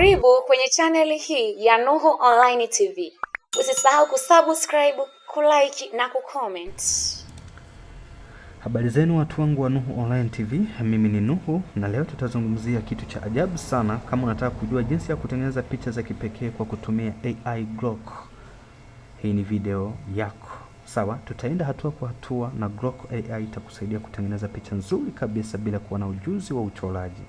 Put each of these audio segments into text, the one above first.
Karibu kwenye chaneli hii ya Nuhu Online TV. Usisahau kusubscribe, kulike na kucomment. Habari zenu watu wangu wa Nuhu Online TV, mimi ni Nuhu na leo tutazungumzia kitu cha ajabu sana. Kama unataka kujua jinsi ya kutengeneza picha za kipekee kwa kutumia AI Grok, hii ni video yako. Sawa, tutaenda hatua kwa hatua na Grok AI itakusaidia kutengeneza picha nzuri kabisa bila kuwa na ujuzi wa uchoraji.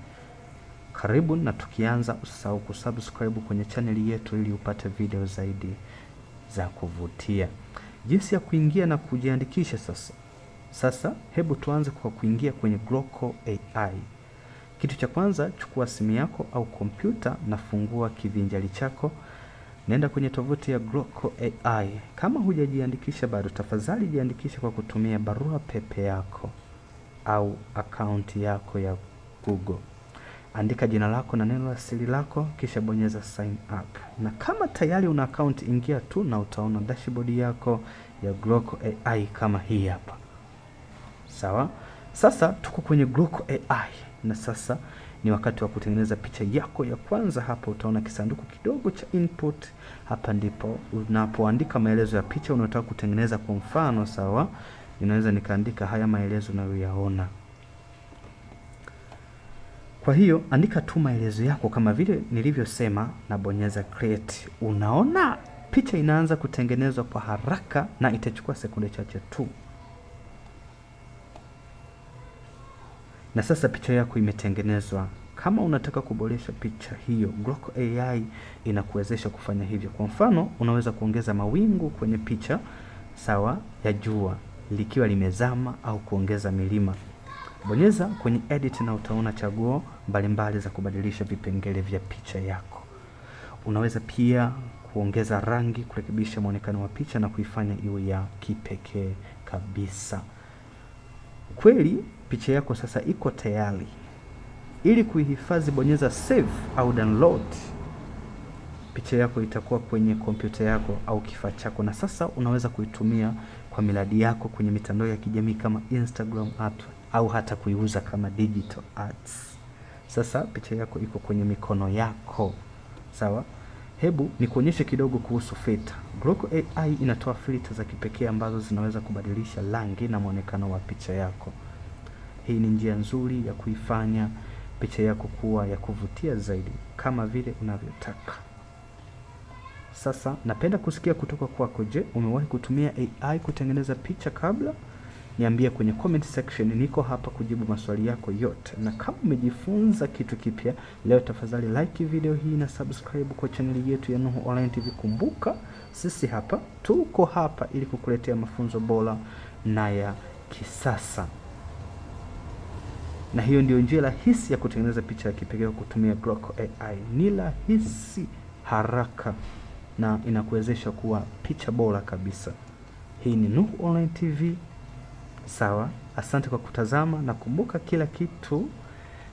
Karibu na tukianza, usisahau kusubscribe kwenye chaneli yetu ili upate video zaidi za kuvutia. Jinsi ya kuingia na kujiandikisha sasa. Sasa hebu tuanze kwa kuingia kwenye Gloco AI. Kitu cha kwanza, chukua simu yako au kompyuta na fungua kivinjali chako. Nenda kwenye tovuti ya Gloco AI. Kama hujajiandikisha bado, tafadhali jiandikisha kwa kutumia barua pepe yako au akaunti yako ya Google andika jina lako na neno la siri lako, kisha bonyeza sign up, na kama tayari una account, ingia tu na utaona dashboard yako ya Groko AI kama hii hapa. Sawa, sasa tuko kwenye Groko AI na sasa ni wakati wa kutengeneza picha yako ya kwanza. Hapa utaona kisanduku kidogo cha input. Hapa ndipo unapoandika maelezo ya picha unayotaka kutengeneza. Kwa mfano, sawa, ninaweza nikaandika haya maelezo unayoyaona. Kwa hiyo andika tu maelezo yako kama vile nilivyosema na bonyeza create. Unaona picha inaanza kutengenezwa kwa haraka na itachukua sekunde chache tu. Na sasa picha yako imetengenezwa. Kama unataka kuboresha picha hiyo, Grok AI inakuwezesha kufanya hivyo. Kwa mfano, unaweza kuongeza mawingu kwenye picha sawa ya jua likiwa limezama au kuongeza milima. Bonyeza kwenye edit na utaona chaguo mbalimbali za kubadilisha vipengele vya picha yako. Unaweza pia kuongeza rangi, kurekebisha mwonekano wa picha na kuifanya iwe ya kipekee kabisa. Kweli picha yako sasa iko tayari. Ili kuihifadhi, bonyeza save au download. Picha yako itakuwa kwenye kompyuta yako au kifaa chako, na sasa unaweza kuitumia kwa miradi yako kwenye mitandao ya kijamii kama Instagram art au hata kuiuza kama digital arts. Sasa picha yako iko kwenye mikono yako, sawa. Hebu nikuonyeshe kidogo kuhusu filter. Gloco AI inatoa filter za kipekee ambazo zinaweza kubadilisha rangi na mwonekano wa picha yako. Hii ni njia nzuri ya kuifanya picha yako kuwa ya kuvutia zaidi kama vile unavyotaka. Sasa napenda kusikia kutoka kwako. Je, umewahi kutumia AI kutengeneza picha kabla? Niambie kwenye comment section, niko hapa kujibu maswali yako yote. Na kama umejifunza kitu kipya leo, tafadhali like video hii na subscribe kwa channel yetu ya Nuhu Online TV. Kumbuka sisi hapa tuko hapa ili kukuletea mafunzo bora na ya kisasa, na hiyo ndio njia rahisi ya kutengeneza picha ya kipekee kwa kutumia Glocko AI. Ni rahisi, haraka na inakuwezesha kuwa picha bora kabisa. Hii ni Nuhu Online TV. Sawa, asante kwa kutazama, na kumbuka kila kitu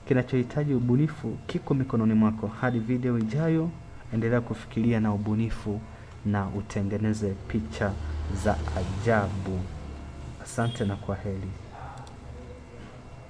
kinachohitaji ubunifu kiko mikononi mwako. Hadi video ijayo, endelea kufikiria na ubunifu na utengeneze picha za ajabu. Asante na kwa heri